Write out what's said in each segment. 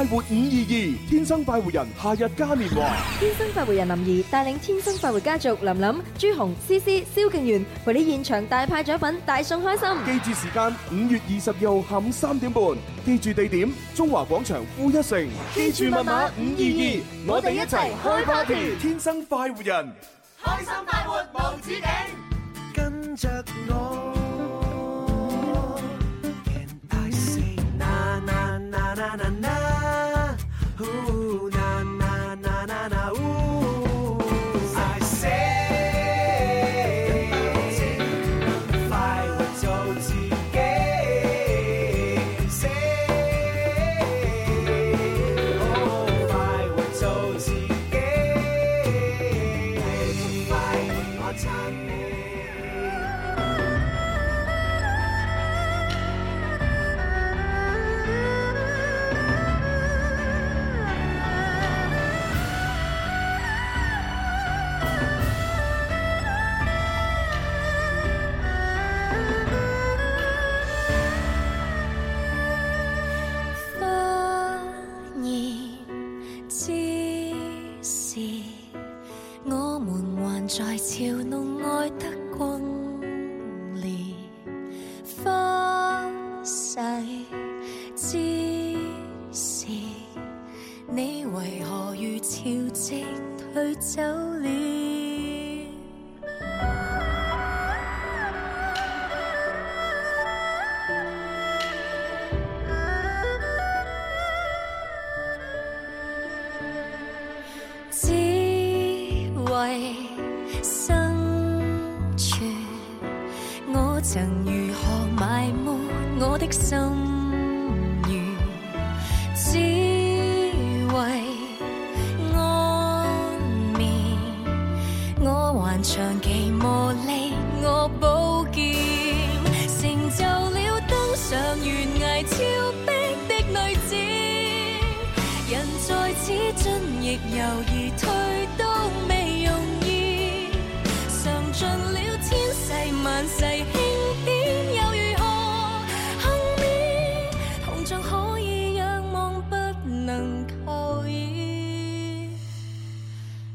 快活五二二，天生快活人，夏日嘉年華，天生快活人林怡帶領天生快活家族林林、朱紅、詩詩、蕭敬源，陪你現場大派獎品，大送開心。記住時間五月二十二號下午三點半，記住地點中華廣場負一層，記住密碼五二二，我哋一齊開 party，天生快活人，開心快活無止境，跟着我。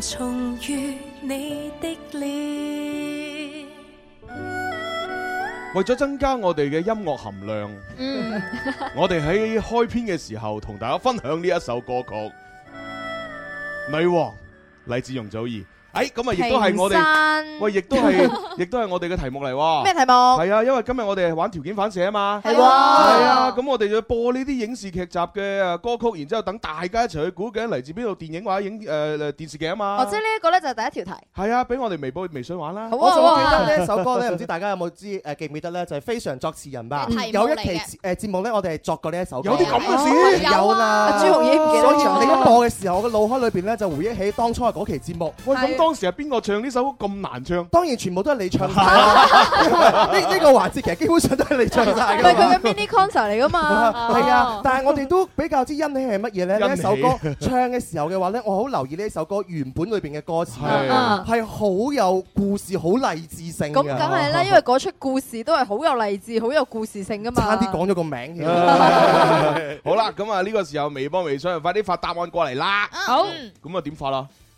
重遇你的臉，為咗增加我哋嘅音樂含量，嗯、我哋喺開篇嘅時候同大家分享呢一首歌曲《女王》，黎姿、容祖兒。誒咁啊，亦都係我哋喂，亦都係，亦都係我哋嘅題目嚟喎。咩題目？係啊，因為今日我哋係玩條件反射啊嘛。係喎。係啊，咁我哋要播呢啲影視劇集嘅啊歌曲，然之後等大家一齊去估計嚟自邊度電影或者影誒誒電視劇啊嘛。哦，即係呢一個咧就係第一條題。係啊，俾我哋微博、微信玩啦。我仲記得呢一首歌咧，唔知大家有冇知誒記唔記得咧？就係非常作詞人吧。係唔嚟嘅。有一期誒節目咧，我哋係作過呢一首。有啲咁嘅事。有啦。朱紅葉。所以你一播嘅時候，我個腦海裏邊咧就回憶起當初嗰期節目。係。當時係邊個唱呢首歌咁難唱？當然全部都係你唱曬。呢呢個環節其實基本上都係你唱晒。佢嘅 mini concert 嚟㗎嘛。係啊，但係我哋都比較之欣喜係乜嘢咧？呢一首歌唱嘅時候嘅話咧，我好留意呢一首歌原本裏邊嘅歌詞係好有故事、好勵志性嘅。咁梗係啦，因為嗰出故事都係好有勵志、好有故事性㗎嘛。差啲講咗個名。好啦，咁啊呢個時候微博、微信，快啲發答案過嚟啦。好。咁啊點發啦？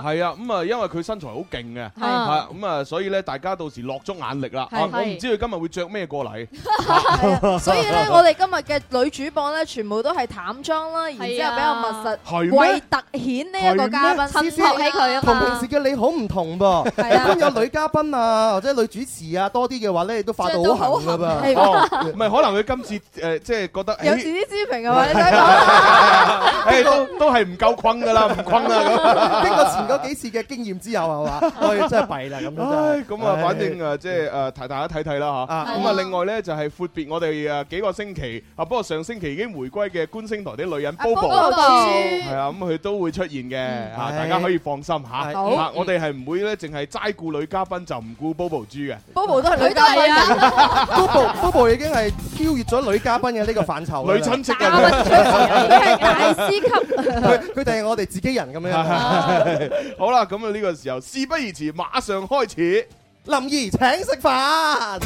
係啊，咁、嗯、啊，因為佢身材好勁嘅，係啊，咁啊、嗯，所以咧，大家到時落足眼力啦、啊啊。我唔知佢今日會着咩過嚟、 啊。所以咧，我哋今日嘅女主播咧，全部都係淡妝啦、啊，然之後比較密實，為突顯呢一個嘉賓襯托起佢啊同平時嘅你好唔同噃，一般、啊、有女嘉賓啊或者女主持啊多啲嘅話咧，都化到好痕噶噃。唔係可能佢今次誒，即係覺得有自知之明嘅話，你睇個都係唔夠坤噶啦，唔坤啊咁。嗰幾次嘅經驗之後係嘛？唉，真係弊啦咁樣。唉，咁啊，反正啊，即係誒，提大家睇睇啦嚇。咁啊，另外咧就係闊別我哋誒幾個星期啊，不過上星期已經回歸嘅觀星台啲女人，BoBo，係啊，咁佢都會出現嘅嚇，大家可以放心嚇嚇。我哋係唔會咧，淨係齋顧女嘉賓就唔顧 BoBo 豬嘅。BoBo 都係女嘉賓啊！BoBo BoBo 已經係超越咗女嘉賓嘅呢個範疇。女親戚嘅嘉賓，已經係大師級。佢佢哋係我哋自己人咁樣。 好啦，咁啊呢個時候事不宜遲，馬上開始。林兒請食飯，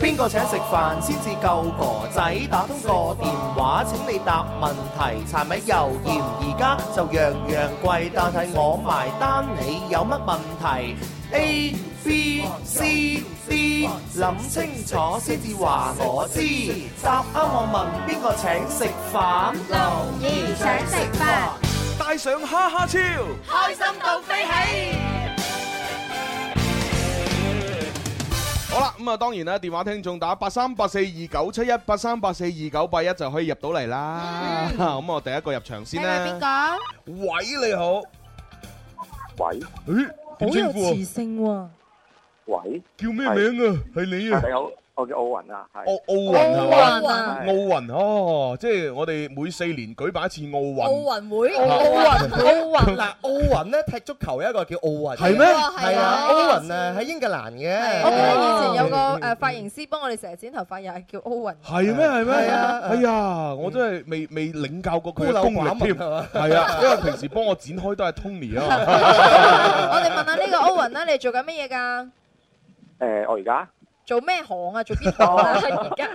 邊個請食飯先至夠哥仔？打通個電話，請你答問題。柴米油鹽而家就樣樣貴，但係我埋單，你有乜問題？A B C B, B, D，諗清楚先至話我知。C，答啱我問，邊個請食飯？留意請食飯，帶上哈哈超，開心到飛起。好啦，咁啊，當然啦，電話聽眾打八三八四二九七一八三八四二九八一就可以入到嚟啦。咁、嗯、我第一個入場先啦。係邊個？喂，你好。喂。好有磁性喎、啊啊！喂，叫咩名啊？係你啊！ 我叫奧運啦，係。奧奧運係嘛？奧運、啊啊啊、哦，即係我哋每四年舉辦一次奧運。奧運會。奧運奧運。嗱，奧運咧踢足球有一個叫奧運。係咩？係啊，奧運啊，喺、哦啊啊啊、英格蘭嘅。我、okay, 哦、以前有個誒髮、嗯啊、型師幫我哋成日剪頭髮又係叫奧運。係咩？係咩？係啊！哎呀、啊啊啊啊嗯啊，我真係未未領教過佢嘅功力添，係啊！因為平時幫我剪開都係 Tony 啊。我哋問下呢個奧運啦，你做緊乜嘢噶？誒，我而家。做咩行啊？做邊行啊？而家？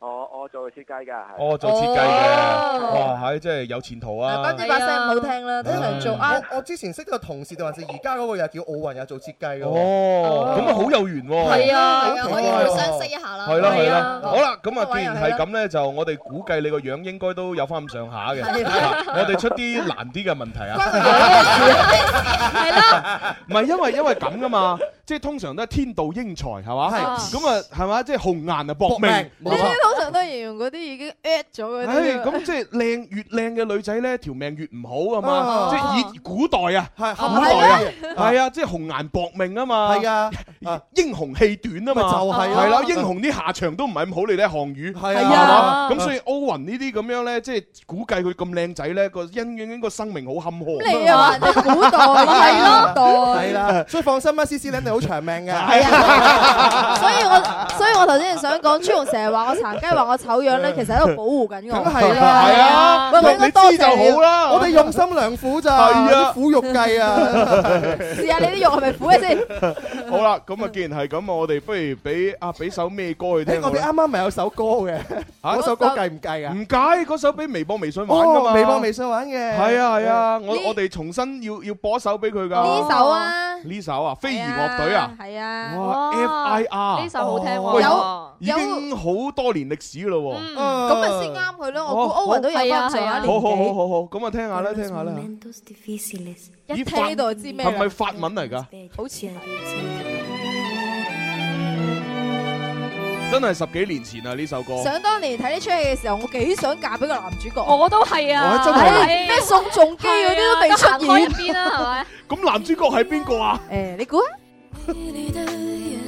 哦，我做設計噶，哦我做設計嘅，哇，係即係有前途啊！班姐把聲唔好聽啦，都想做啊！我之前識個同事就話，似而家嗰個又叫奧運又做設計嘅，哦，咁啊好有緣，係啊，可以相識一下啦，係啦係啦，好啦，咁啊既然係咁咧，就我哋估計你個樣應該都有翻咁上下嘅，我哋出啲難啲嘅問題啊，係啦，唔係因為因為咁噶嘛，即係通常都係天妒英才係嘛，咁啊係嘛，即係紅顏啊搏命。通常都形容嗰啲已經 at 咗嗰啲。咁即係靚越靚嘅女仔咧，條命越唔好啊嘛！Uh, 即係以古代啊，係、uh, 古代啊，係、uh, 啊，啊，啊, uh, 啊，啊，即係紅顏薄命啊嘛！係啊，英雄氣短啊嘛！就係啊，啦、uh, 啊，英雄啲下場都唔係咁好，你睇項羽係啊，咁、啊啊 uh, 所以歐雲呢啲咁樣咧，即係估計佢咁靚仔咧，那個欣欣個生命好坎坷，啊。你啊，啊你古代係咯，代係啦，所以放心啦，C C 靚女好長命嘅。係啊，所以我所以我頭先想講，朱紅成日話我梗係話我醜樣咧，其實喺度保護緊我。梗係啦，係啊，你知就好啦。我哋用心良苦咋，係啊，苦肉計啊！試下你啲肉係咪苦嘅先？好啦，咁啊，既然係咁啊，我哋不如俾啊俾首咩歌去聽。我哋啱啱咪有首歌嘅，嗰首歌計唔計啊？唔計，嗰首俾微博、微信玩噶嘛，微博、微信玩嘅。係啊，係啊，我我哋重新要要播首俾佢噶。呢首啊，呢首啊，飛兒樂隊啊，係啊，哇，F I R，呢首好聽喎，有已經好多年。歷史咯喎，咁咪先啱佢咯，我估歐文都有份在、啊、年紀好好好好好，咁啊，啊，啊聽下啦，聽下啦。一聽呢度知咩啦？係咪法文嚟㗎、啊？好似係、啊啊。真係十幾年前啊！呢首歌。想當年睇呢出戲嘅時候，我幾想嫁俾個男主角。我都係啊，係、欸、咩？宋仲基嗰啲都未出現。邊啊？係 咪、嗯？咁、啊啊啊、男主角係邊個啊？誒、欸，你估啊？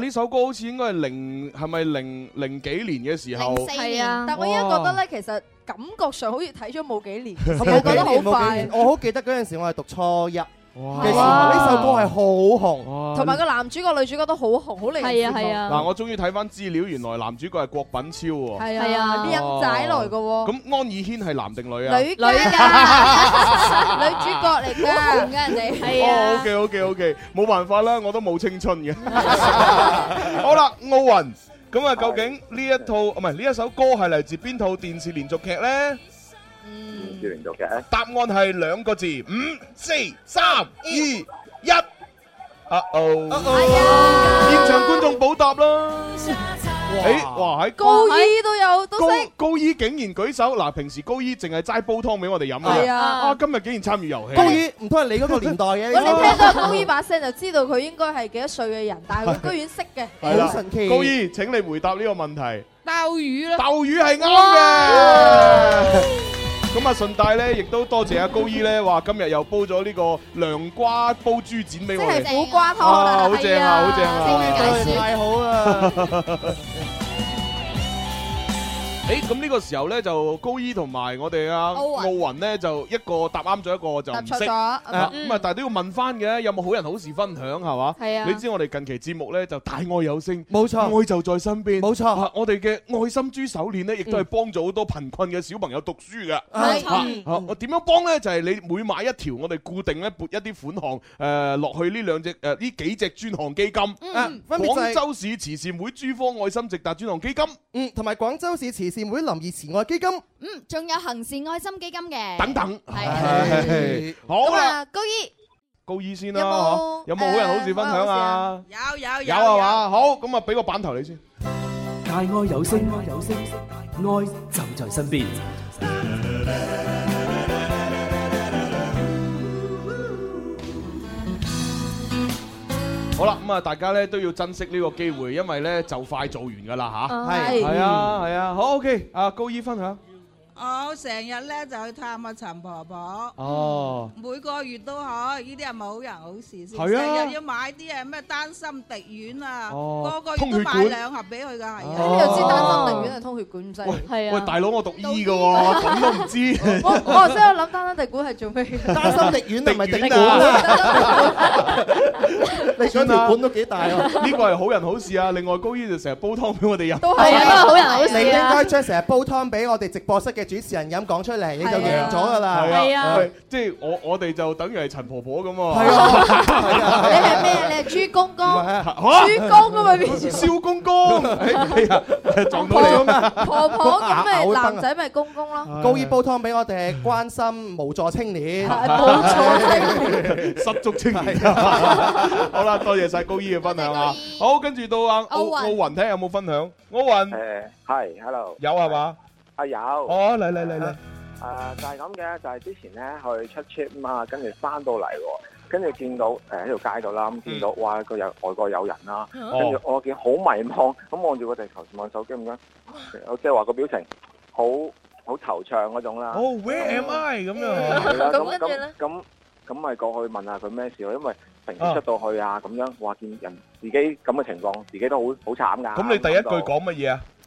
呢、啊、首歌好似應該係零係咪零零幾年嘅時候？零四年，啊、但我依家覺得咧，其實感覺上好似睇咗冇幾年，係咪？ 我覺得好快。我好記得嗰陣時我係讀初一。哇！呢首歌係好紅，同埋個男主角女主角都好紅，好靚嘅。係啊係啊！嗱，我終於睇翻資料，原來男主角係郭品超喎。係啊係啊，啲靚仔來嘅。咁安以軒係男定女啊？女女噶，女主角嚟噶，紅嘅人哋。係啊，好嘅好嘅好嘅，冇辦法啦，我都冇青春嘅。好啦，奧運，咁啊，究竟呢一套唔係呢一首歌係嚟自邊套電視連續劇咧？唔知點讀嘅？答案係兩個字，五、四、三、二、一。啊哦！現場觀眾補答啦。哎，哇喺高二都有都識。高二竟然舉手嗱，平時高二淨係齋煲湯俾我哋飲啊。係啊。啊，今日竟然參與遊戲。高二唔通係你嗰個年代嘅？我哋聽到高二把聲，就知道佢應該係幾多歲嘅人，但係佢居然識嘅，好神奇。高二，請你回答呢個問題。鬥魚啦。鬥魚係啱嘅。咁啊順帶咧，亦都多謝阿高姨咧，話今日又煲咗呢個涼瓜煲豬展俾我哋，係苦瓜湯好正啊，好正啊，呢對、啊啊、太好啦！ 誒、欸，咁呢個時候呢，就高醫同埋我哋啊，奧運呢就一個答啱咗一個就唔識，咁啊、嗯、但係都要問翻嘅，有冇好人好事分享係嘛？係、嗯、啊，你知我哋近期節目呢，就大愛有聲，冇錯，愛就在身邊，冇錯、啊，我哋嘅愛心珠手鏈呢，亦都係幫咗好多貧困嘅小朋友讀書嘅，係、嗯啊，好，我、啊、點、嗯、樣幫呢？就係、是、你每買一條，我哋固定呢撥一啲款項誒落去呢兩隻誒呢幾隻專項基金，嗯，廣州市慈善會珠科愛心直達專項基金，嗯，同埋廣州市慈。善會臨異慈愛基金，嗯，仲有行善愛心基金嘅，等等，係好啦。高醫，高醫先啦，有冇有冇好人好事分享啊？有有有，係嘛？好，咁啊，俾個版頭你先。大愛有聲，有聲，愛就在身邊。好啦，咁、嗯、啊，大家咧都要珍惜呢個機會，因為咧就快做完㗎啦吓？係，係啊，係啊，啊、嗯、啊，啊，好 OK，高啊高爾分享。我成日咧就去探阿陳婆婆，每個月都去，呢啲係咪好人好事先？成日要買啲誒咩丹心滴丸啊，個個月都買兩盒俾佢噶，咁又知丹心滴丸係通血管咁犀利。喂，大佬我讀醫嘅喎，點都唔知。我我先去諗丹心滴丸係做咩？丹心滴丸定唔係整血管啊？你想血管都幾大啊？呢個係好人好事啊！另外高醫就成日煲湯俾我哋飲，都係啊，好人好事啊！你應該將成日煲湯俾我哋直播室嘅。主持人咁講出嚟，你就贏咗噶啦。係啊，即係我我哋就等於係陳婆婆咁喎。你係咩？你係豬公公，豬公啊嘛，變咗。燒公公，婆婆啊嘛，婆婆咁咪男仔咪公公咯。高醫煲湯俾我哋關心無助青年，冇錯，失足青年。好啦，多謝曬高醫嘅分享啦！好，跟住到阿奧奧雲睇下有冇分享。奧雲，係，hello，有係嘛？啊有哦嚟嚟嚟嚟，誒就係咁嘅，就係、是就是、之前咧去出 trip 啊嘛，跟住翻到嚟，跟住見到誒喺條街度啦，見到、嗯、哇個有外國友人啦、啊，跟、哦、住我見好迷惘，咁望住個地球，望手機咁、就是哦嗯樣，嗯嗯、樣，即係話個表情好好惆悵嗰種啦。哦，Where am I？咁樣咁咁咁咪過去問下佢咩事咯，因為平時出到去啊咁、啊、樣，話見人自己咁嘅情況，自己都好好慘噶。咁、嗯、你第一句講乜嘢啊？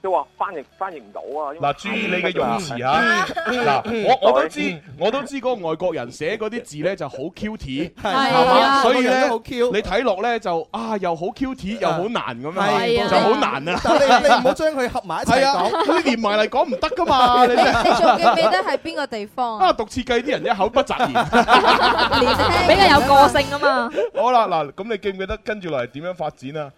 佢話翻譯翻譯唔到啊！嗱、啊，注意你嘅用詞啊！嗱、啊啊啊嗯，我我都知，我都知嗰、嗯、個外國人寫嗰啲字咧，就好 cute 係嘛？所以咧，好 c、啊、你睇落咧就啊，又好 cute 又好難咁樣、啊啊啊，就好難啊！你你唔好將佢合埋一齊啊。佢連埋嚟講唔得噶嘛！你你仲記唔記得係邊個地方啊？啊，啊啊讀設計啲人一口不擇言 ，比較有個性啊嘛！ 好啦，嗱，咁你記唔記得跟住落嚟點樣發展啊？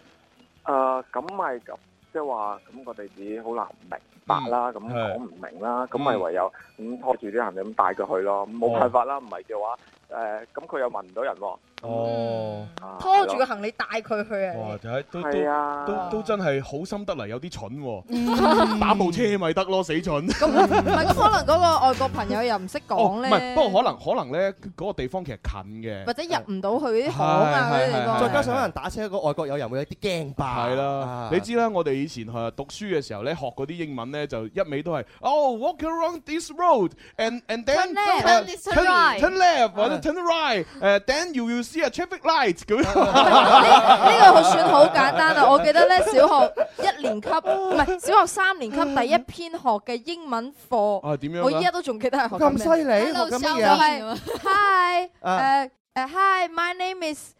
誒、uh，咁係咁。即係話咁個地址好難明白啦，咁講唔明啦，咁咪唯有咁、嗯、拖住啲行李咁帶佢去咯，冇、嗯、辦法啦，唔係嘅話。誒咁佢又問唔到人喎、嗯啊，拖住個行李帶佢去啊，係啊，都都，都真係好心得嚟，有啲蠢、哦、 打部車咪得咯，死蠢！係、嗯、咁 可能嗰個外國朋友又唔識講咧，不過可能可能咧嗰個地方其實近嘅，或者入唔到去啲巷啊，再加上可能打車、個外國友人會有啲驚吧。啦、啊，你知啦，我哋以前係讀書嘅時候咧，學嗰啲英文咧就一味都係，oh walk around this road and and then，uh, turn r n t turn to left。Turn right，誒，then you will see a traffic light。咁樣呢個算好簡單啦！我記得咧，小學一年級唔係小學三年級第一篇學嘅英文課。哦，點樣？我依家都仲記得係學咩？咁犀利！Hello，學咩嘢？Hi，誒誒，Hi，my name is。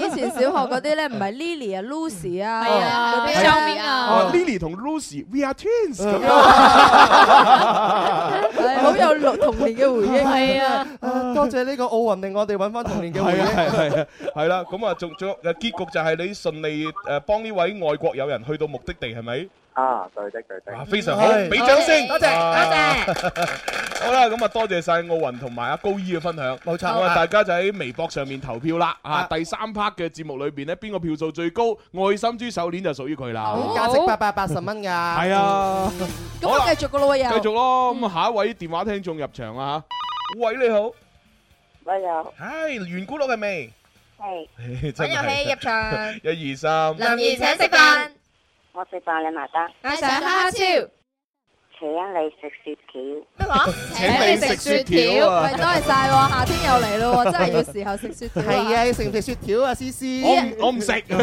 以前小學嗰啲咧，唔係 Lily, Lily 啊、啊啊啊啊啊啊 Lily Lucy 啊嗰啲啊，Lily 同 Lucy，We are twins 咁、啊、好、啊啊啊啊啊啊、有童年嘅回憶。係啊，啊，多謝呢個奧運令我哋搵返童年嘅回憶。係啊啊係啦，咁啊仲仲誒結局就係你順利誒幫呢位外國友人去到目的地係咪？啊！對的，對的，非常好，俾掌聲，多謝，多謝。好啦，咁啊，多謝晒奧運同埋阿高醫嘅分享，冇錯！大家就喺微博上面投票啦，啊，第三 part 嘅節目裏邊咧，邊個票數最高，愛心豬手鏈就屬於佢啦，價值八百八十蚊噶，係啊，咁我繼續噶啦，又繼續咯，咁啊，下一位電話聽眾入場啊吓，喂，你好，喂，有，係，圓咕碌係未？係，陳玉希入場，一二三，林怡請食飯。我食飯你埋單，我想蝦超，請你食雪條。咩話？請你食雪條啊！多謝晒，夏天又嚟咯， 真係要時候食雪條。係啊，你食唔食雪條啊？思思、啊，我唔食， 因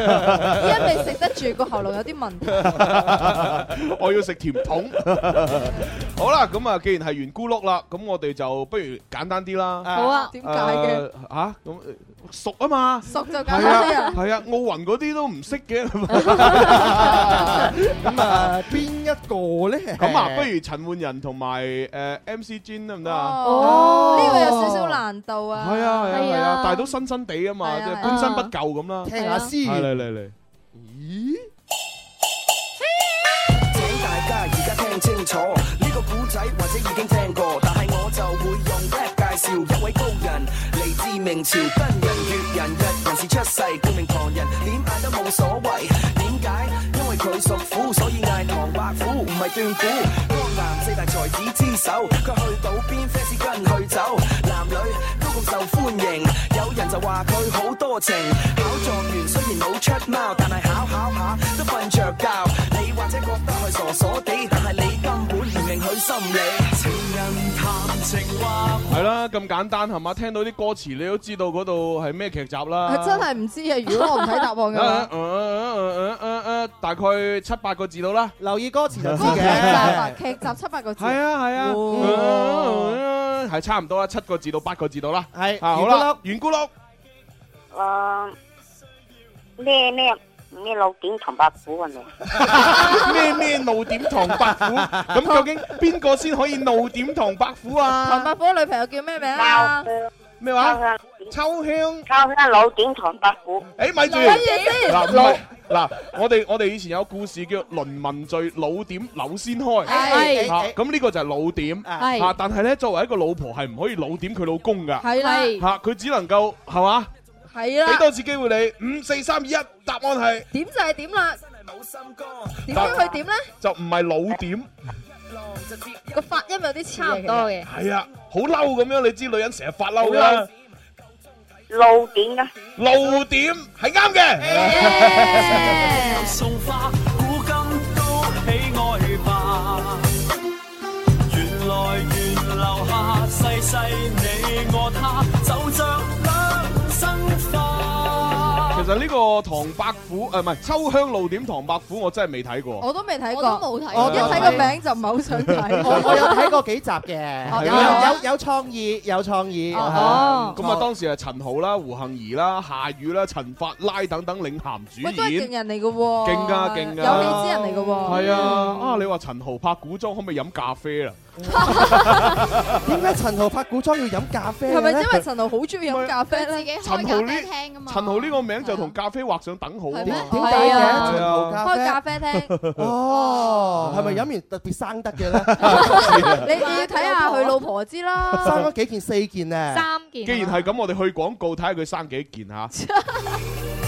為食得住，個喉嚨有啲問題。 我要食甜筒。 好啦，咁啊，既然係圓咕碌啦，咁我哋就不如簡單啲啦。 好啊，點解嘅？吓，咁、啊。啊熟啊嘛，熟就咁樣，係啊, 啊,啊，奧運嗰啲都唔識嘅，咁、 嗯、啊，邊一個咧？咁啊，不如陳奐仁同埋誒 MC Jin 得唔得啊？哦，呢、哦這個有少少難度啊，係啊係啊，但係、啊啊啊、都新新地啊嘛，即、啊啊、本身不夠咁啦，聽下先，嚟嚟嚟，咦、啊啊啊啊嗯？請大家而家聽清楚，呢、這個古仔或者已經聽過，但係我就會用 rap 介紹一位高人。明朝跟人月人日人是出世，顧名旁人，點嗌都冇所謂。點解？因為佢屬虎，所以嗌唐伯虎，唔係斷估。江南四大才子之首，佢去到邊？啡絲跟去走，男女都咁受歡迎。有人就話佢好多情，考狀元雖然冇出貓，但係考考下都瞓着覺。你或者覺得佢傻傻地，但係你根本唔明佢心理。係啦、啊，咁簡單係嘛？聽到啲歌詞，你都知道嗰度係咩劇集啦？真係唔知啊！如果我唔睇答案嘅話， 大概七八個字到啦。留意歌詞就知嘅啦，劇集，集七八個字。係啊係啊，係、啊哦、差唔多啊，七個字到八個字到啦。係，好啦，圓咕碌。誒，咩、uh, 咩？咩老點唐伯虎啊你？咩 咩老點唐伯虎？咁究竟邊個先可以老點唐伯虎啊？唐伯虎女朋友叫咩名啊？咩話？秋香。秋香老點唐伯虎。哎咪住，嗱、啊啊、我哋我哋以前有個故事叫《論文罪》。老點柳先開。係。咁、哎、呢、啊、個就係老點。係、哎啊。但係咧，作為一個老婆係唔可以老點佢老公噶。係啦。吓、啊，佢只能夠係嘛？係啊，俾多次機會你，五四三二一，答案係點就係點啦。點解佢點咧？就唔係老點，個發音有啲差唔多嘅。係啊，好嬲咁樣，你知女人成日發嬲㗎啦。露點啊！露點係啱嘅。其實呢個《唐伯虎》誒、啊，唔係《秋香怒點唐伯虎》，我真係未睇過。我都未睇過，我都冇睇。我、啊、一睇個名就唔係好想睇。我、啊、有睇過幾集嘅，有有有創意，有創意。咁啊、啊啊啊當時係陳豪啦、胡杏兒啦、夏雨啦、陳法拉等等領銜主演。喂都係正人嚟嘅，喔，勁噶勁噶，有你、啊啊、之人嚟嘅，喔。係、嗯、啊，啊你話陳豪拍古裝可唔可以飲咖啡啦？點解陳豪拍古裝要飲咖啡咧？係咪因為陳豪好中意飲咖啡咧？陳豪呢？陳豪呢個名就同咖啡畫上等號、啊嗎。係咩？點解嘅？開咖啡廳。 哦，係咪飲完特別生得嘅咧？ 你哋要睇下佢老婆知啦。 生咗幾件四件啊？三件、啊。既然係咁，我哋去廣告睇下佢生幾件吓、啊。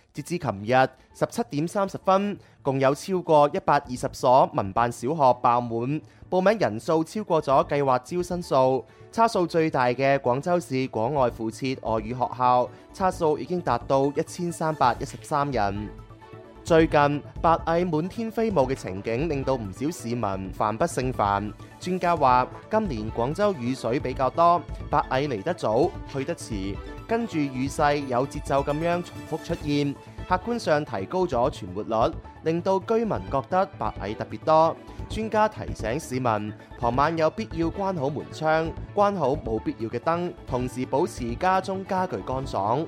截至琴日十七點三十分，共有超過一百二十所民辦小學爆滿，報名人數超過咗計劃招生數，差數最大嘅廣州市廣外附設外語學校，差數已經達到一千三百一十三人。最近白蟻滿天飛舞嘅情景，令到唔少市民煩不勝煩。專家話，今年廣州雨水比較多，白蟻嚟得早去得遲，跟住雨勢有節奏咁樣重複出現，客觀上提高咗存活率，令到居民覺得白蟻特別多。專家提醒市民。傍晚有必要關好門窗，關好冇必要嘅燈，同時保持家中家具乾爽。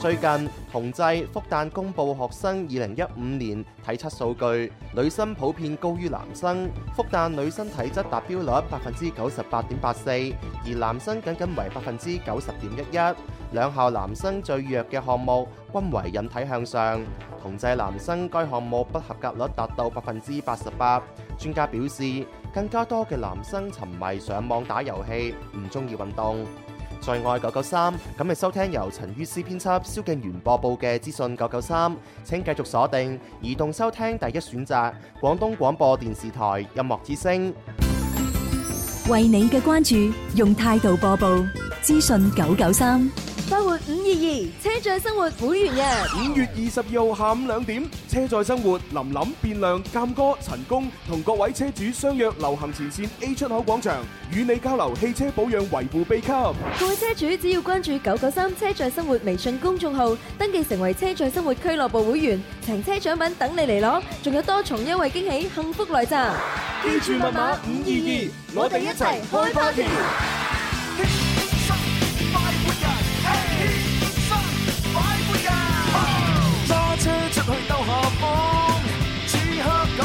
最近，同濟、復旦公布學生二零一五年體測數據，女生普遍高於男生。復旦女生體質達標率百分之九十八點八四，而男生僅僅為百分之九十點一一。兩校男生最弱嘅項目均為引體向上，同濟男生該項目不合格率達到百分之八十八。專家表示，更加多嘅男生沉迷上網打遊戲，唔中意運動。最愛九九三咁，係收聽由陳于思編輯、蕭敬元播報嘅資訊九九三，請繼續鎖定移動收聽第一選擇廣東廣播電視台音樂之聲，為你嘅關注用態度播報資訊九九三。生活五二二，車載生活會員日，五月二十二號下午兩點，車載生活林林變亮，鑒哥陳工同各位車主相約流行前線 A 出口廣場，與你交流汽車保養維護秘笈。各位車主只要關注九九三車載生活微信公眾號，登記成為車載生活俱樂部會員，停車獎品等你嚟攞，仲有多重優惠驚喜，幸福來襲！記住密碼五二二，我哋一齊開 party。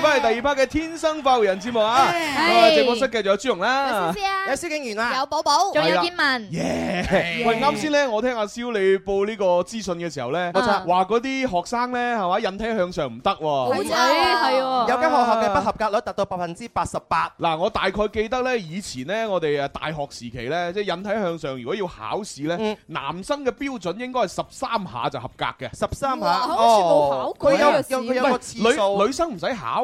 翻嚟第二 part 嘅天生快活人節目啊！直播室繼續有朱容啦，有蕭敬源啦，有寶寶，仲有天文。喂，啱先咧，我聽阿蕭你報呢個資訊嘅時候咧，冇錯，話嗰啲學生咧，係咪引體向上唔得喎？係，係喎。有間學校嘅不合格率達到百分之八十八。嗱，我大概記得咧，以前咧，我哋誒大學時期咧，即係引體向上，如果要考試咧，男生嘅標準應該係十三下就合格嘅，十三下。好似冇考過嘅事。唔係，女女生唔使考。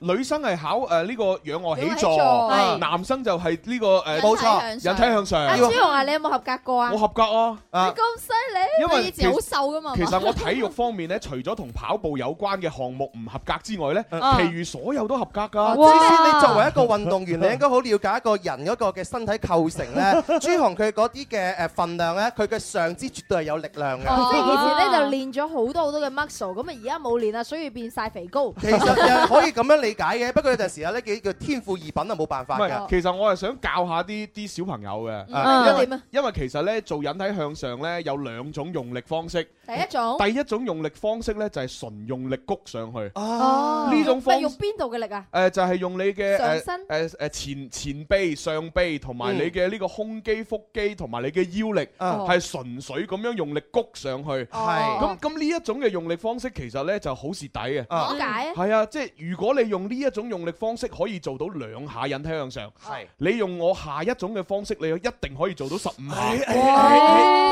女生係考誒呢個仰臥起坐，男生就係呢個誒冇錯，引體向上。阿朱紅啊，你有冇合格過啊？我合格哦。你咁犀利？因為以前好瘦噶嘛。其實我體育方面咧，除咗同跑步有關嘅項目唔合格之外咧，其餘所有都合格噶。哇！你作為一個運動員，你應該好了解一個人嗰個嘅身體構成咧。朱紅佢嗰啲嘅誒份量咧，佢嘅上肢絕對係有力量嘅。以前咧就練咗好多好多嘅 muscle，咁啊而家冇練啦，所以變晒肥高。其實可以咁樣。理解嘅，不過有陣時咧，幾叫天賦異稟啊，冇辦法。其實我係想教一下啲啲小朋友嘅，因為其實咧做引體向上咧有兩種用力方式。第一種第一種用力方式咧就係純用力谷上去，呢種方式用邊度嘅力啊？誒就係用你嘅誒誒誒前前臂、上臂同埋你嘅呢個胸肌、腹肌同埋你嘅腰力，係純粹咁樣用力谷上去。係咁咁呢一種嘅用力方式其實咧就好蝕底嘅。點解啊？係啊，即係如果你用呢一種用力方式可以做到兩下引體向上，係你用我下一種嘅方式，你一定可以做到十五下。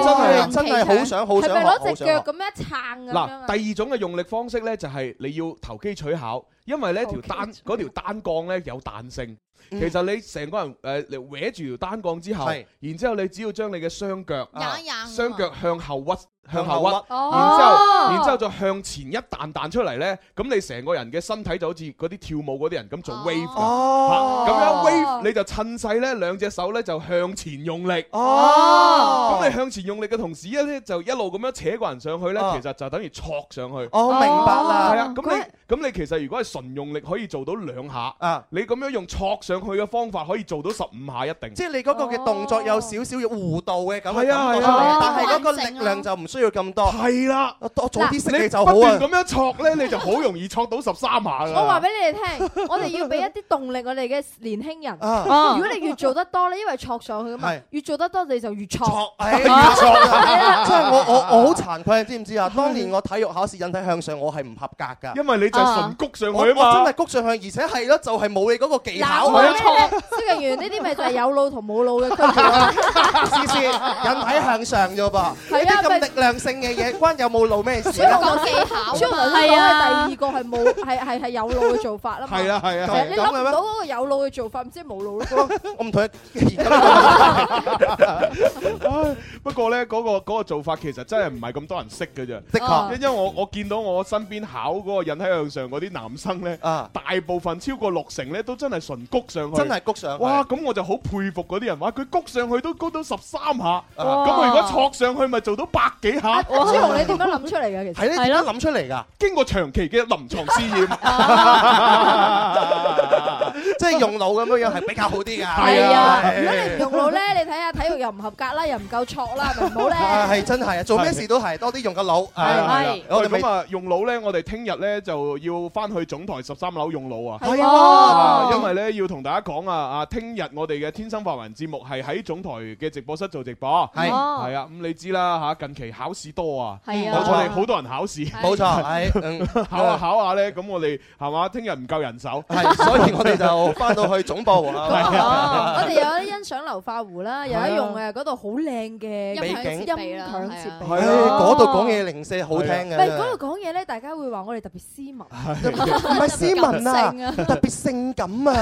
真係真係好想好想學。咁嗱、啊，第二種嘅用力方式呢，就係、係、你要投機取巧，因為呢條單槓有彈性。嗯、其實你成個人誒，歪住條單槓之後，然之後你只要將你嘅雙腳，雙、uh, 腳向，向，向後屈，向後屈，然之後，哦、然之後再向前一彈彈出嚟呢，咁你成個人嘅身體就好似嗰啲跳舞嗰啲人咁做 wave 咁、哦、樣 wave，你就趁勢咧，兩隻手呢就向前用力，咁、哦、你向前用力嘅同時，一呢就一路咁樣扯個人上去呢、哦，其實就等於戳上去。我、哦哦、明白啦，係啊，咁你咁你其實如果係純用力可以做到兩下啊，你咁樣用戳上。上去嘅方法可以做到十五下一定，即係你嗰個嘅動作有少少弧度嘅咁嘅感覺出、oh、但係嗰個力量就唔需要咁多。係啦，多做啲食嘅就好啊。不斷咁樣挫咧，你就好容易挫到十三下啦。我話俾你哋聽，我哋要俾一啲動力我哋嘅年輕人。如果你越做得多咧，因為挫上去啊嘛，越做得多你就越挫、哎，越挫。即 係 我我我好慚愧，知唔知啊？ 當年我體育考試引體向上，我係唔合格㗎。因為你就係純谷上去啊嘛我，我真係谷上去，而且係咯，就係、係、冇你嗰個技巧。冇錯，職員呢啲咪就係有腦同冇腦嘅區別咯。試試引體向上啫噃，啲咁力量性嘅嘢關有冇腦咩事？主要講技巧，主要講係第二個係冇係係係有腦嘅做法啦。係啊係啊，你講到嗰個有腦嘅做法，唔知冇腦咯。我唔同你。不過咧，嗰個嗰個做法其實真係唔係咁多人識㗎啫。的確，因為我我見到我身邊考嗰個引體向上嗰啲男生咧，啊，大部分超過六成咧都真係純谷。上真係谷上去哇！咁我就好佩服嗰啲人哇，佢谷上去都谷到十三下，咁我如果戳上去咪做到百幾下。阿朱紅，你點樣諗出嚟嘅？其實係咧，諗出嚟噶，經過長期嘅臨床試驗，啊啊啊啊啊啊，即係用腦咁樣樣係比較好啲噶。係啊是是是，如果你唔用腦咧，你睇下體育又唔合格啦，又唔夠戳啦，唔好咧。係真係啊，做咩事都係多啲用個腦。係，好咁啊，用腦咧，我哋聽日咧就要翻去總台十三樓用腦啊。係啊，因為咧要同。大家講啊、啊！聽日我哋嘅天生快活人節目係喺總台嘅直播室做直播，係係啊，咁、哦啊、你知啦嚇，近期考試多啊，我哋好多人考試，冇錯係、啊啊、考、考下考下咧，咁我哋係嘛？聽日唔夠人手，係，所以我哋就返到去總部。 係啊啊我哋有啲欣賞流化湖啦，有一用誒嗰度好靚嘅美景音響設備啦，嗰度講嘢零舍好聽嘅、啊，係嗰度講嘢咧，大家會話我哋特別斯文，唔係斯文啊，啊、特別性感啊。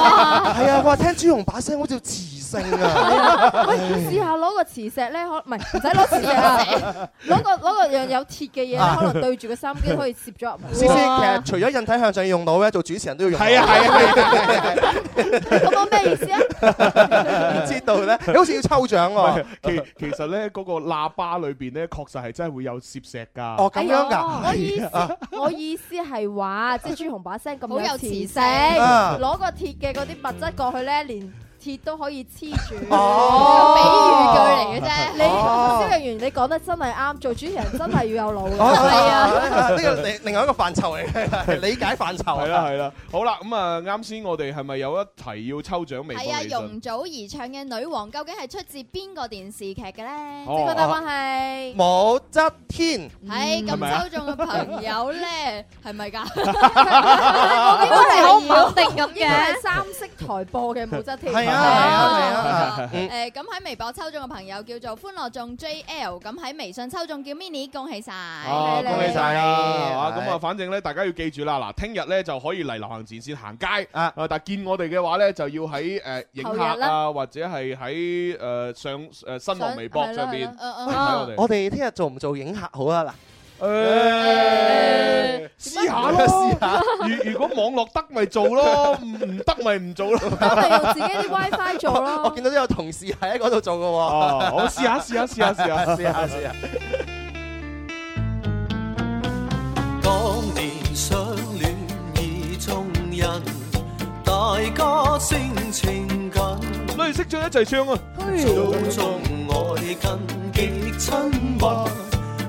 啊係 啊、 哎，我話聽朱紅把聲，好似我就遲。試下攞個磁石咧，可唔係唔使攞磁石啊？攞個攞個樣有鐵嘅嘢，可能對住個收音機可以攝咗入去。試一試，其實除咗引體向上用到咧，做主持人都要用。係啊係啊，咁我講咩意思啊？唔知道咧，你好似要抽獎喎、啊。其實其實咧，嗰個喇叭裏邊咧，確實係真係會有攝石噶。哦，咁樣噶、啊？我意 我意思係話，即係朱紅把聲咁好有磁性，攞、啊、個鐵嘅嗰啲物質過去咧，連。鐵都可以黐住，oh. 個比喻句嚟嘅啫。Oh. 你招聘、喔、員，你講得真係啱，做主持人真係要有腦。係、oh. 啊，呢、 呢個另另外一個範疇嚟嘅，理解範疇。嚟 是的。啦， 啦。好啦，咁啊，啱先我哋係咪有一題要抽獎未？係啊，容祖兒唱嘅《女王》究竟係出自邊個電視劇嘅咧？正、oh, 確答案係、啊《武則天》嗯。係咁抽中嘅朋友咧，係咪㗎？我應該係好唔肯定咁嘅。三色台播嘅《武則天。》 係，咁喺微博抽中嘅朋友叫做歡樂眾 JL，咁喺微信抽中叫 Mini，、oh, like, uh, like, uh, 恭喜晒哦恭喜晒！啦！咁啊，反正咧，大家要記住啦，嗱，聽日咧就可以嚟流行前線行街 uh. Uh,、uh, 啊！但見我哋嘅話咧，就要喺誒影客啦或者係喺、uh、上、uh, 新浪微博上，上邊 uh, uh, uh, uh, uh, uh, 我哋。Uh, uh. 我哋聽日做唔做影客好啊？嗱。誒、欸欸，試下咯，試下 如如果網絡得，咪 做咯，唔得咪唔做咯，我哋用自己啲 WiFi 做咯。我見到都有同事喺嗰度做噶，哦啊，我試下試下試下試下試下試下。當年相戀意中人，大家性情近，女識咗一齊唱啊！祖宗愛近極親密。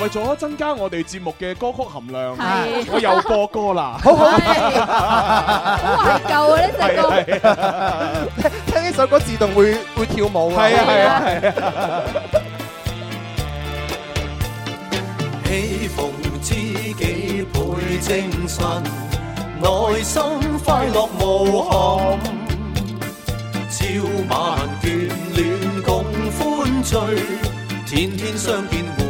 為咗增加我哋節目嘅歌曲含量，我又播歌啦。好好，好懷舊啊！呢隻歌，聽呢首歌自動會會跳舞啊！係啊係啊係啊！喜逢知己倍精神，內心快樂無憾，朝晚眷戀共歡聚，天天相見。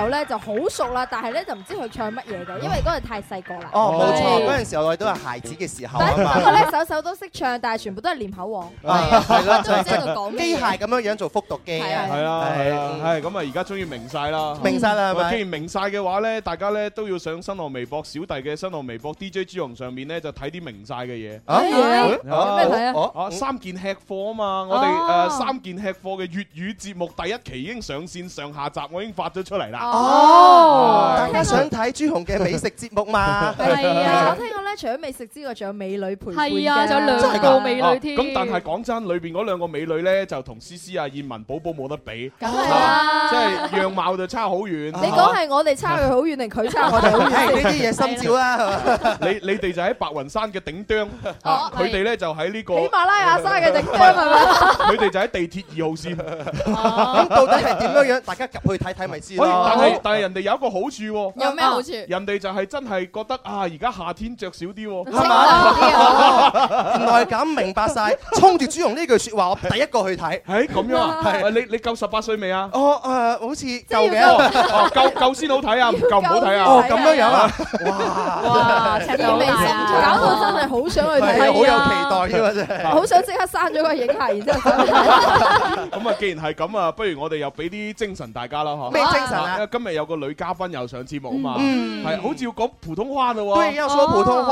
候咧就好熟啦，但係咧就唔知佢唱乜嘢嘅，因為嗰陣太細個啦。哦，冇錯，嗰陣時候我哋都係孩子嘅時候。但係不過咧首首都識唱，但係全部都係念口王。係啦，係啦，機械咁樣樣做復讀機。係啊，係啊，係咁啊，而家終於明晒啦，明晒啦。咁、嗯、啊，既然明晒嘅話咧，大家咧都要上新浪微博小弟嘅新浪微博 DJ 朱雄上面咧就睇啲明晒嘅嘢。咩、啊、睇啊，啊，啊，啊？三件吃貨啊嘛，我哋誒、呃、三件吃貨嘅粵語節目第一期已經上線上下集，我已經發咗出嚟啦。哦，大家想睇朱紅嘅美食節目嘛？係 啊，好聽除咗美食之外，仲有美女陪係啊，仲有女女、啊、兩個美女添。咁但係講真，裏邊嗰兩個美女咧，就同 C C 啊、燕文寶寶冇得比，梗即係樣貌就差好遠。你講係我哋差佢好遠，定佢差我哋好遠？呢啲嘢心照啊？你你哋就喺白雲山嘅頂端，佢哋咧就喺呢、這個喜馬拉雅山嘅頂端，佢、啊、哋就喺地鐵二號線。咁、啊啊啊啊啊、到底係點樣樣、啊？大家入去睇睇咪知，但係但係人哋有一個好處，有咩好處？人哋就係真係覺得啊，而家夏天着。少啲喎，係嘛？原來係咁，明白曬。衝住朱容呢句説話，我第一個去睇。係咁樣啊？係你你夠十八歲未啊？哦誒，好似夠嘅喎，夠夠先好睇啊？唔夠唔好睇啊？哦咁樣樣啊！哇哇，請就嚟啊！搞到真係好想去睇，好有期待嘅真係。好想即刻刪咗個影下，然之後。咁啊，既然係咁啊，不如我哋又俾啲精神大家啦嚇。咩精神啊？今日有個女嘉賓又上節目啊嘛，係好似要講普通話嘞喎。對，要講普通話。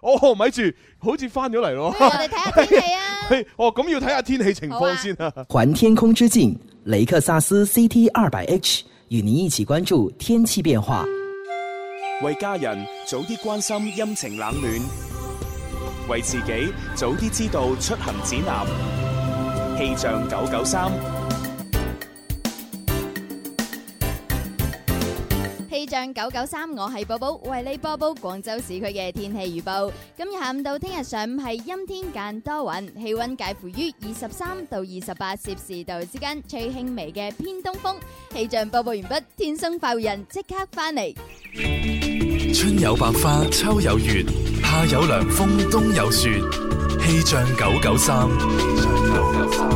哦，咪住，好似翻咗嚟咯。我哋睇下天氣啊。 哦，咁要睇下天氣情況先啊。環、啊、天空之境，雷克薩斯 CT 二百 H 與您一起關注天氣變化，為家人早啲關心陰晴冷暖，為自己早啲知道出行指南。氣象九九三。氣象九九三，我係寶寶為你播報廣州市區嘅天氣預報。今日下午到聽日上午係陰天間多雲，氣温介乎於二十三到二十八攝氏度之間，吹輕微嘅偏東風。氣象播報完畢，天生快活人即刻翻嚟。春有百花，秋有月，夏有涼風，冬有雪。氣象九九三。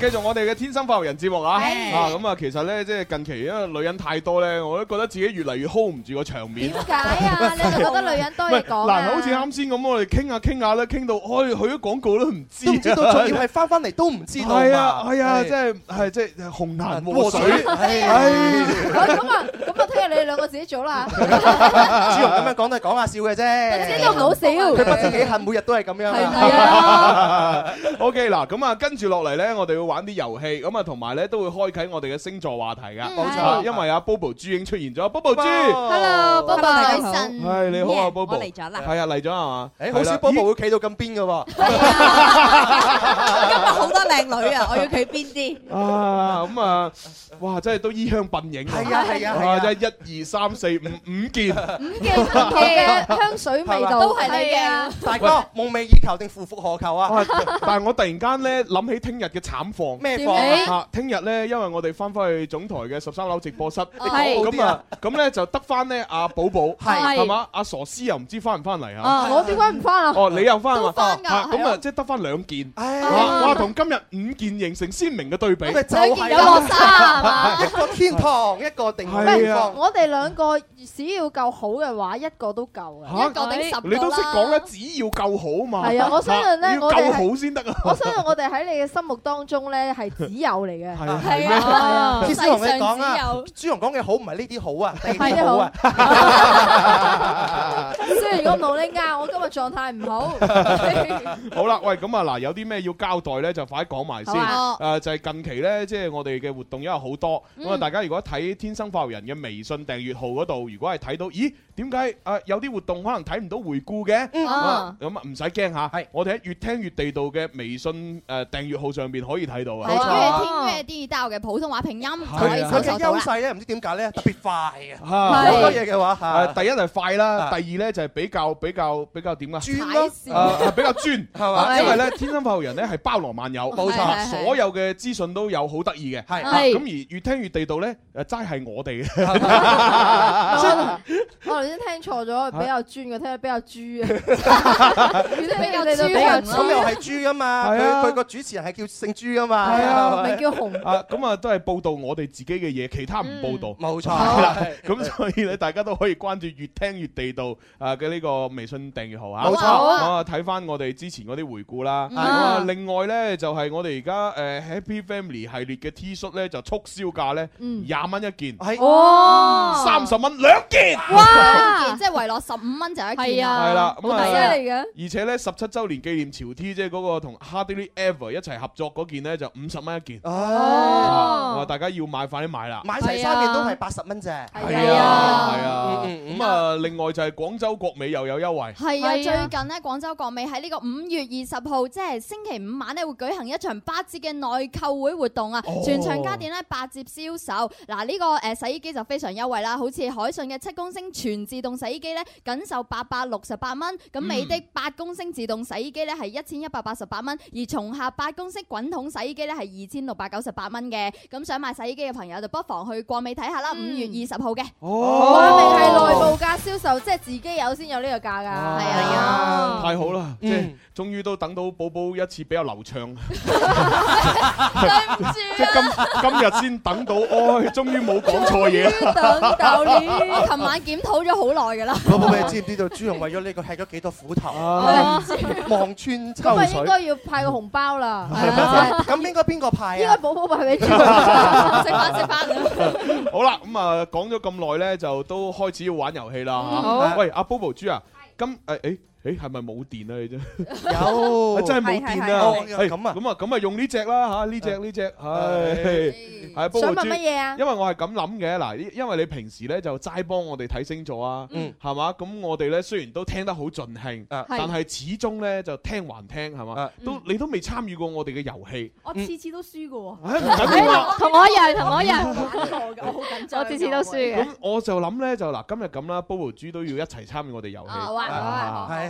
繼續我哋嘅天生快活人節目啊！啊咁啊，其實咧，即係近期因為女人太多咧，我都覺得自己越嚟越 hold 唔住個場面。點解啊？你就覺得女人多嘢講啊？嗱，好似啱先咁，我哋傾下傾下咧，傾到，哎，佢啲廣告都唔知，都唔知道仲要係翻翻嚟都唔知道。係啊，係啊，即係係即係紅顏禍水。係。咁啊咁啊，聽日你哋兩個自己做啦。子龍咁樣講都係講下笑嘅啫。子龍老笑。佢不知幾恨，每日都係咁樣。係咪啊？OK，嗱，咁啊，跟住落嚟咧，我哋會。玩啲遊戲咁啊，同埋咧都會開啟我哋嘅星座話題嘅、嗯，因為阿、啊、Bobo 豬已經出現咗，Bobo 豬，Hello，Bobo，大家好，係、哎、你好啊，Bobo，我嚟咗啦，係、欸、 啊，嚟咗啊嘛，誒，好少 Bobo 會企到咁邊嘅喎，今日好多靚女啊，我要企邊啲啊，咁啊，哇，真係都衣香鬢影啊，係啊係啊係啊，一、二、三、四、五五件，五件，件、啊、香水味道是的都係你嘅，大哥，夢寐以求定夫復何求啊？但係我突然間咧諗起聽日嘅慘。咩房啊？聽日咧，因為我哋翻返去總台嘅十三樓直播室，咁啊，咁咧就得翻咧阿寶寶，係嘛？阿傻師又唔知翻唔翻嚟啊？我點解唔翻啊？哦，你又翻啊？咁啊，即係得翻兩件，哇！同今日五件形成鮮明嘅對比，兩件嘅衫係嘛？一個天堂，一個地獄房。我哋兩個只要夠好嘅話，一個都夠嘅，一個頂十。你都識講咧，只要夠好啊嘛！係啊，我相信咧，我哋夠好先得啊！我相信我哋喺你嘅心目當中。咧係子友嚟嘅，係啊，先生同你講啊，啊朱紅講嘅好唔係呢啲好啊，第啲好啊，即然如果冇你拗，我今日狀態唔好。 好啦，喂，咁啊嗱，有啲咩要交代咧，就快啲講埋先。誒、呃，就係、是、近期咧，即、就、係、是、我哋嘅活動有好多。咁、嗯、啊，大家如果睇天生快活人嘅微信訂閱號嗰度，如果係睇到，咦？點解啊？有啲活動可能睇唔到回顧嘅，咁啊唔使驚嚇。係我哋喺越聽越地道嘅微信誒訂閱號上邊可以睇到啊。越聽咩地道嘅普通話拼音，佢嘅優勢咧，唔知點解咧特別快啊。多嘢嘅話，第一係快啦，第二咧就係比較比較比較點啊？專比較專係嘛？因為咧，天生快活人咧係包羅萬有，冇錯，所有嘅資訊都有好得意嘅。係咁而越聽越地道咧，誒齋係我哋。聽錯咗，比較專嘅聽，比較豬啊！比較豬，咁又係豬噶嘛？佢個主持人係叫姓朱噶嘛？係啊，啊、咪、啊、叫紅咁啊，都係報道我哋自己嘅嘢，其他唔報道。冇、嗯、錯。咁、哦嗯、所以咧，大家都可以關注，越聽越地道啊嘅呢個微信訂閱號錯啊。冇錯。咁啊，睇翻我哋之前嗰啲回顧啦。啊嗯、啊另外咧，就係我哋而家誒 Happy Family 系列嘅 T 恤咧，就促銷價咧廿蚊一件，哦，三十蚊兩件。哇啊、件即係維樂十五蚊就一件，係啊，係啦、啊，好抵、嗯、啊嚟嘅。而且咧十七周年紀念潮 T，即係嗰個同 Hardly Ever 一齊合作嗰件咧，就五十蚊一件。啊，啊，啊，大家要買快啲買啦、啊，買齊三件都係八十蚊啫。係啊，係啊。咁啊，啊、嗯嗯嗯嗯嗯嗯嗯、啊，另外就係廣州國美又有優惠。係啊，啊，啊，最近呢，廣州國美喺呢個五月二十號，即、就、係、是、星期五晚咧會舉行一場八折嘅內購會活動啊、哦，全場家電咧八折銷售。嗱、啊、呢、這個誒洗衣機就非常優惠啦，好似海信嘅七公升全。自動洗衣機咧，僅售八百六十八蚊；咁美的八公升自動洗衣機咧係一千一百八十八蚊，而松下八公升滾筒洗衣機咧係二千六百九十八蚊嘅。咁想買洗衣機嘅朋友就不妨去國美睇下啦。五月二十號嘅，國美係內部價銷售，即係自己有先有呢個價噶。係啊，太好啦，即係終於都等到寶寶一次比較流暢。對唔住啊，即係今今日先等到，唉，終於冇講錯嘢啦。我琴晚檢討咗。都好耐嘅啦，波、哦、波，你知唔、啊嗯、知道朱紅為咗呢個吃咗幾多苦頭啊？望穿秋水，咁啊應該要派個紅包啦，係咁應該邊個派啊？應該寶寶派俾朱紅，食翻食翻。好啦，咁啊講咗咁耐咧，就都開始要玩遊戲啦。好，喂阿波波豬啊，咁誒誒。誒、欸，係咪冇電、， 欸電欸、啊？你真有，真係冇電啊！係咁啊，咁啊，咁、欸、啊，用呢隻啦吓，呢隻呢隻，係、欸、係、欸。想問乜嘢啊？因為我係咁諗嘅，嗱，因為你平時咧就齋幫我哋睇星座啊，係、嗯、嘛，咁我哋咧雖然都聽得好盡興，啊、但係始終咧就聽還聽係嘛、啊嗯，都你都未參與過我哋嘅遊戲。我次次都輸嘅喎。唔使驚同我一，我一 我我我我樣，同我一樣玩錯嘅，我次次都輸嘅。咁我就諗咧就嗱，今日咁啦 Bobo 都要一齊參與我哋遊戲。好啊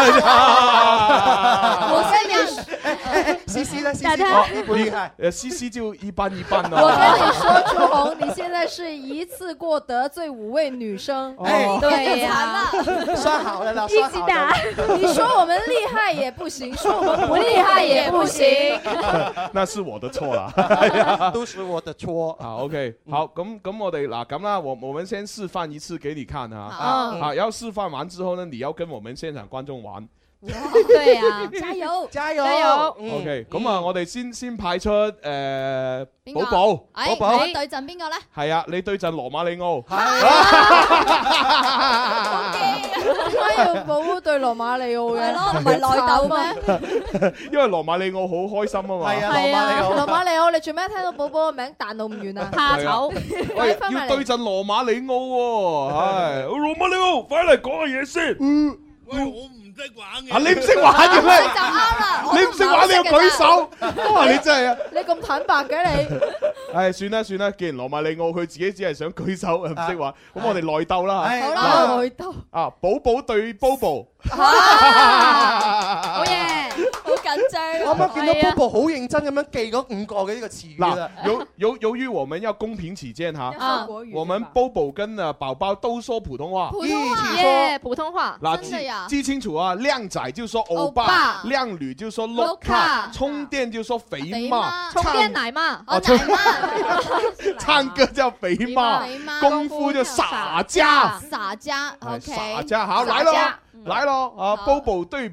哈哈哈！我這邊，C C 呢？C C 厲不厲害？呃，C C 就一般一般呢。 我跟你說朱 紅，你現在是一次過得罪五位女生。 哎，對呀、啊， 算好了，老師，一起打。你說我們厲害也不行， 說我們不厲害也不行。 那是我的錯了， 都是我的錯好、 啊、OK，、嗯、好，咁咁我哋嗱咁啦，我我們先示範一次給你看啊。啊，好，然後、嗯、示範完之後呢，你要跟我們現場觀眾玩。玩，對啊，加油，加油，加油，OK。咁啊，我哋先先派出誒，寶寶，寶寶對陣邊個咧？係啊，你對陣羅馬里奧。點解要寶寶對羅馬里奧嘅？係咯，唔係內鬥咩？因為羅馬里奧好開心啊嘛。係啊，羅馬里奧，你做咩聽到寶寶個名彈到唔遠啊？怕醜，快翻嚟。要對陣羅馬里奧，係羅馬里奧，快嚟講下嘢先。啊！你唔識玩嘅咩？就啱啦！你唔識玩，你要舉手。都話你真係啊！你咁坦白嘅你，唉，算啦算啦。既然羅馬里奧佢自己只係想舉手，唔識玩，咁我哋內鬥啦。好啦，內鬥。啊，寶寶對 Bobo。好嘢。我啱啱見到 Bobo 好認真咁樣記嗰五個嘅呢個詞語啦、啊。由由由於我們要公平起見哈、 啊，我們 Bobo 跟啊寶寶都說普通話，一起說普通話。嗱、啊啊，記清楚啊，靚仔就說歐巴，靚女就說 Looka，充電就說肥媽，充電、啊、奶媽， 唱歌叫肥媽，功夫就傻家，傻家，傻家、啊、，OK，傻家，好，來咯，來咯，啊，Bobo、嗯啊、對。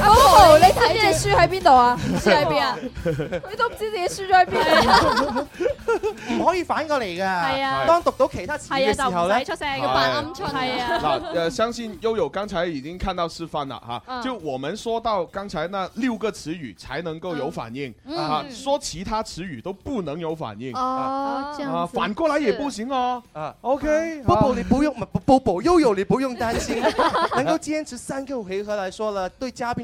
阿你睇隻書喺邊度啊？書喺邊啊？你、 啊、 都唔知自己輸咗喺邊啊？唔 可以反過嚟噶。係啊，當讀到其他詞嘅時候咧，唔使出聲，扮暗出係啊。嗱，誒、啊啊 呃，相信悠悠剛才已經看到示範啦，吓、啊啊，就我們說到剛才那六個詞語才能夠有反應、嗯、啊，啊，說其他詞語都不能有反應。哦、啊啊啊，啊，反過來也不行哦。啊，OK，BoBo、okay, 啊、你不用，BoBo 悠悠你不用擔心， 能夠堅持三個回合來說啦，對嘉賓。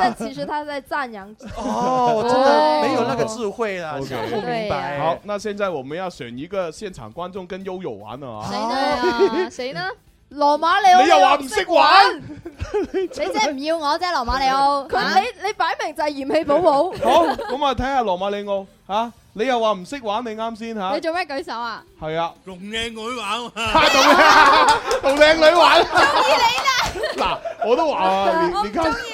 但其實他在讚揚哦，真的沒有那個智慧啦。哎、o、okay，不明白。好，那現在我們要選一個現場觀眾跟悠悠玩啊嘛。啊呢？死啦，羅馬里奧！你又話唔識玩，你真係唔要我啫，羅馬里奧。佢你你擺明就係嫌棄寶寶。好，咁啊睇下羅馬里奧吓、啊，你又話唔識玩，你啱先吓。你做咩舉手啊？係啊，同靚女玩啊，同咩同靚女玩。中 意什、 啊、 你啦。嗱，我都話你。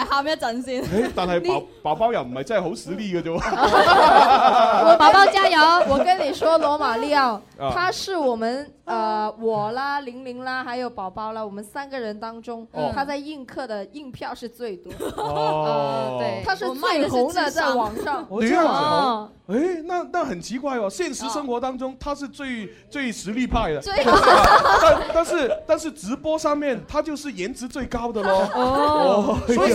喊一陣先。但係寶寶寶又唔係真係好實力嘅啫。寶寶加油！ 我跟你說，羅馬利奧，他是我們呃我啦、玲玲啦、還有寶寶啦，我們三個人當中，嗯嗯嗯、他在映客的映票是最多。哦、呃，對，他是最紅的，在網上。對啊。哎、 欸，那那很奇怪哦，現實生活當中他、哦、是最最實力派的， 嗯、但但是但是直播上面他就是顏值最高的咯。哦。 所以。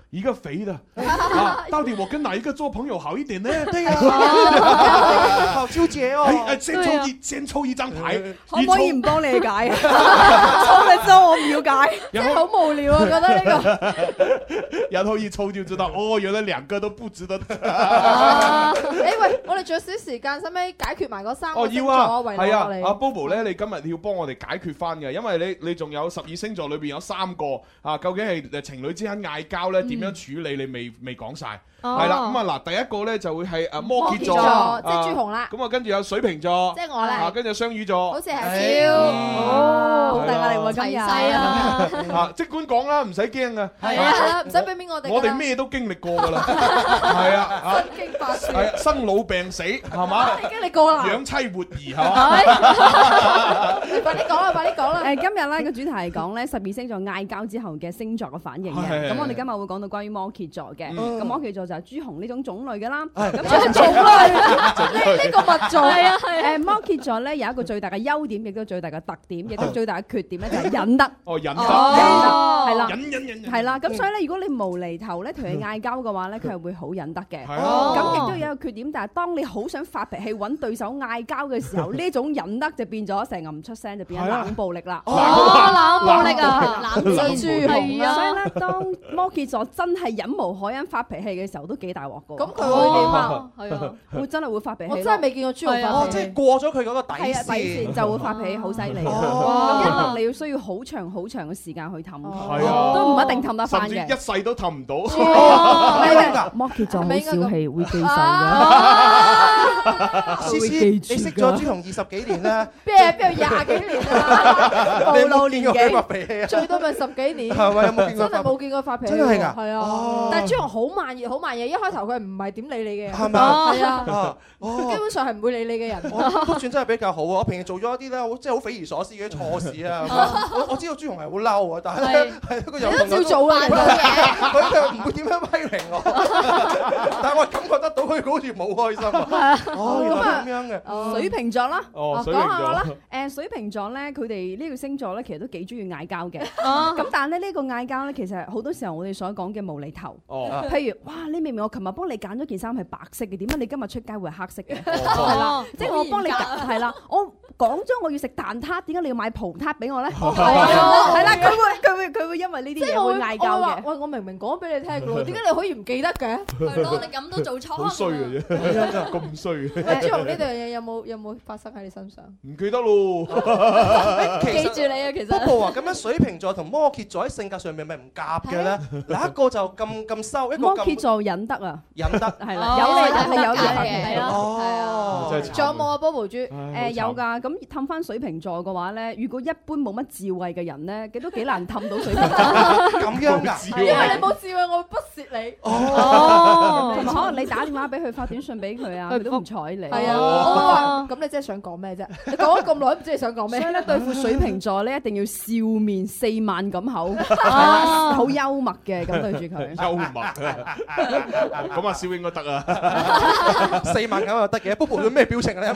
一個肥的、啊，到底我跟哪一個做朋友好一點呢？對啊，好糾結哦。誒，先抽一先抽一張牌，可唔可以唔幫你解？抽就抽，我唔了解，好無聊啊！覺得呢個，有可以抽就值得。哦，原來兩個都不值得。誒、 哎、喂，我哋仲有少少時間使咪解決埋嗰三個星座啊、哦、要啊？係啊，阿、啊、Bobo 咧，你今日要幫我哋解決翻嘅，因為你你仲有十二星座裏邊有三個啊，究竟係情侶之間嗌交咧點？點、嗯、樣處理？你未未講晒。係啦，咁啊，嗱，第一個咧就會係啊摩羯座，即係朱紅啦。咁啊，跟住有水瓶座，即係我啦。啊，跟住雙魚座，好似係超好大壓力喎，今日係啊。啊，即管講啦，唔使驚噶。係啊，唔使俾面我哋。我哋咩都經歷過噶啦，係啊。生經百事，係生老病死，係嘛？驚你過難。養妻活兒，係嘛？快啲講啦，快啲講啦。誒，今日咧個主題係講咧十二星座嗌交之後嘅星座嘅反應嘅。咁我哋今日會講到關於摩羯座嘅。咁摩羯座。就係朱紅呢種種類嘅啦，咁做種類，做呢呢個物種。誒摩羯座咧有一個最大嘅優點，亦都最大嘅特點，亦都最大嘅缺點咧就係忍得。哦，忍得，忍忍忍。係啦，咁所以咧，如果你無厘頭咧同佢嗌交嘅話咧，佢係會好忍得嘅。係啊。咁亦都有個缺點，但係當你好想發脾氣揾對手嗌交嘅時候，呢種忍得就變咗成日唔出聲，就變咗冷暴力啦。哦，冷暴力啊，冷豬紅啊。所以咧，當摩羯座真係忍無可忍發脾氣嘅時候。我都幾大鑊噶，咁佢會點發？係啊，會真係會發脾氣。我真係未見過朱紅發。哦，即係過咗佢嗰個底線，就會發脾氣，好犀利。哦，咁啊，你要需要好長好長嘅時間去氹。係啊，都唔一定氹得翻嘅。甚至一世都氹唔到。朱紅真係噶，摩羯座，好小氣，會記仇㗎。啊！黐線，你識咗朱紅二十幾年啦？邊有邊有廿幾年啊？冇年幾？最多咪十幾年。係咪？真係冇見過發脾氣。真係㗎。係啊。但係朱紅好慢熱，好慢。嘢一,一開頭佢唔係點理你嘅，係咪？係啊，啊啊基本上係唔會理你嘅人。我、啊啊啊、都算真係比較好啊！我平時做咗一啲咧，即係好匪夷所思嘅錯事啊，啊我！我知道朱紅係好嬲啊，但係係佢又唔會點樣批評我，但係我感覺得到佢好似冇開心咁啊，嘅水瓶座啦，講下啦。誒、啊，水瓶座咧，佢哋呢個星座咧，其實都幾中意嗌交嘅。咁、啊、但係咧，呢個嗌交咧，其實好多時候我哋所講嘅無厘頭。譬、啊、如哇，明明我琴日幫你揀咗件衫係白色嘅，點解你今日出街會係黑色嘅？係 啦， 即、哦、係、即係、我幫你揀，係啦， 我。講咗我要食蛋撻，點解你要買葡撻俾我咧？哦，係啊，係啦，佢會佢會佢會因為呢啲嘢會嗌交嘅。我話喂，我明明講俾你聽嘅，點解你可以唔記得嘅？係咯，你咁都做錯。衰嘅啫，真係咁衰。朱紅呢樣嘢有冇有冇發生喺你身上？唔記得咯。記住你啊，其實。不過話咁樣，水瓶座同摩羯座喺性格上面咪唔夾嘅咧？嗱，一個就咁咁收，一個摩羯座忍得啊，忍得係啦，有嚟有嚟有嚟係啦。哦，仲有冇啊，Bobo 豬？誒有㗎，咁。咁氹翻水瓶座嘅話咧，如果一般冇乜智慧嘅人咧，佢都幾難氹到水瓶座。咁樣噶，因為你冇智慧，我會不屑你。哦，可能你打電話俾佢，發短信俾佢啊，佢都唔睬你。係啊，咁你真係想講咩啫？你講咗咁耐，唔知你想講咩？所以咧，對付水瓶座咧，一定要笑面四萬咁口，好幽默嘅咁對住佢。幽默啊！咁啊，笑應該得啊，四萬咁又得嘅。Bobo，你咩表情啊？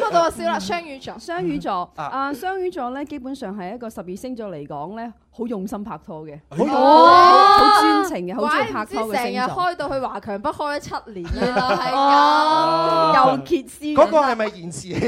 多笑啦！雙魚座，雙魚座、嗯、啊，雙魚座咧，基本上係一個十二星座嚟講咧，好用心拍拖嘅，好、啊、好專情嘅，好專拍拖嘅星座。怪唔知成日開到去華強北開咗七年啦，係啊，啊，又結之。嗰、那個係咪延遲？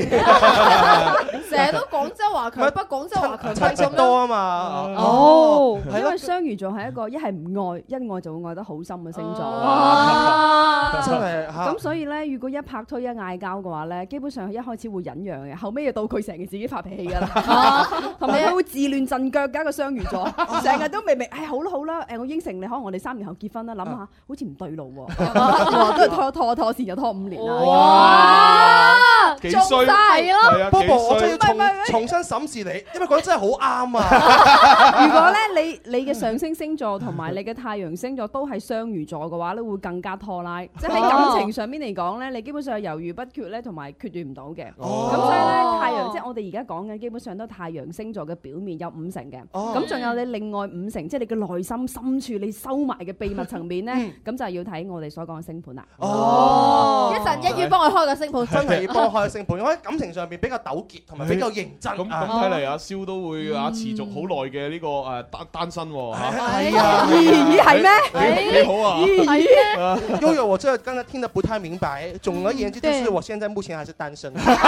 成 日 都廣州華強北，廣州華強北咁多啊嘛。嗯、啊哦是，因為雙魚座係一個一係唔愛，一愛就會愛得好深嘅星座。啊啊啊、真係嚇。咁、啊、所以咧，如果一拍拖一嗌交嘅話咧，基本上一開始。會忍讓嘅，後尾又到佢成日自己發脾氣噶啦，同埋佢會自亂陣腳，加個雙魚座，成日都明明，哎好啦好啦，誒我應承你，可能我哋三年後結婚啦，諗下好似唔對路喎，都係拖拖拖，先又拖五年啦，哇，幾衰係咯，不過我仲要重新審視你，因為講真係好啱啊。如果咧你你嘅上升星座同埋你嘅太陽星座都係雙魚座嘅話咧，會更加拖拉，即係喺感情上面嚟講咧，你基本上係猶豫不決咧，同埋決斷唔到嘅。咁所以咧，太陽即係我哋而家講嘅，基本上都太陽星座嘅表面有五成嘅，咁仲有你另外五成，即係你嘅內心深處，你收埋嘅秘密層面咧，咁就係要睇我哋所講嘅星盤啦。哦，一陣一於幫我開個星盤，真係要幫我開個星盤，我喺感情上面比較糾結同埋比較認真。咁咁睇嚟，阿蕭都會阿持續好耐嘅呢個誒單單身喎嚇。係啊，咦係咩？幾好啊！悠悠，我真係剛才聽得不太明白。總而言之，就是我現在目前還是單身。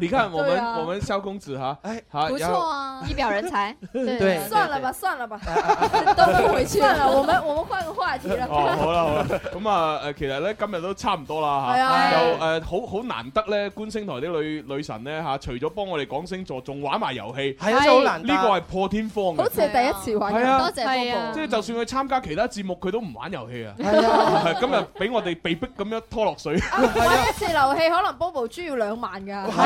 你看我們、啊、我們蕭公子下、啊，哎好、啊，不錯啊，一表人才， 對，對，對，對算，算了吧算了吧， 都不回去了， 我們我們開個話題啦、啊，好啦好啦，咁啊誒其實咧今日都差唔多啦吓，又、啊、誒、啊呃、好好難得咧，觀星台啲女女神咧吓、啊，除咗幫我哋講星座，仲玩埋遊戲，係啊好、就是、難、呢、這個係破天荒的好似第一次玩的，係、啊、多謝 Bobo 即係、啊啊、就算佢參加其他節目，佢都唔玩遊戲啊，係啊係今日俾我哋被逼咁樣拖落水， 啊、玩一次遊戲可能 Bobo 豬要兩萬噶。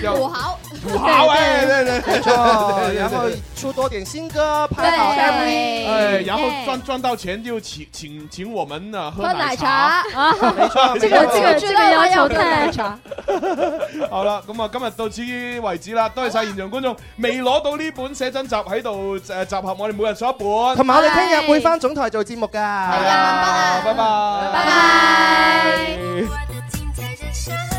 土豪，土豪，哎，對對，對、哦、然後出多點新歌，拍好 MV，哎，然後賺賺到錢就請請請我們啊，喝奶茶，啊，沒錯，這個這個這個要求奶茶。好啦，咁、嗯、啊今日到此為止啦，多謝晒現場觀眾，未攞到呢本寫真集喺度誒，集合我哋每人送一本，同埋我哋聽日會翻總台做節目噶，係啊，萬、mm、啊 -hmm.，拜拜，拜拜。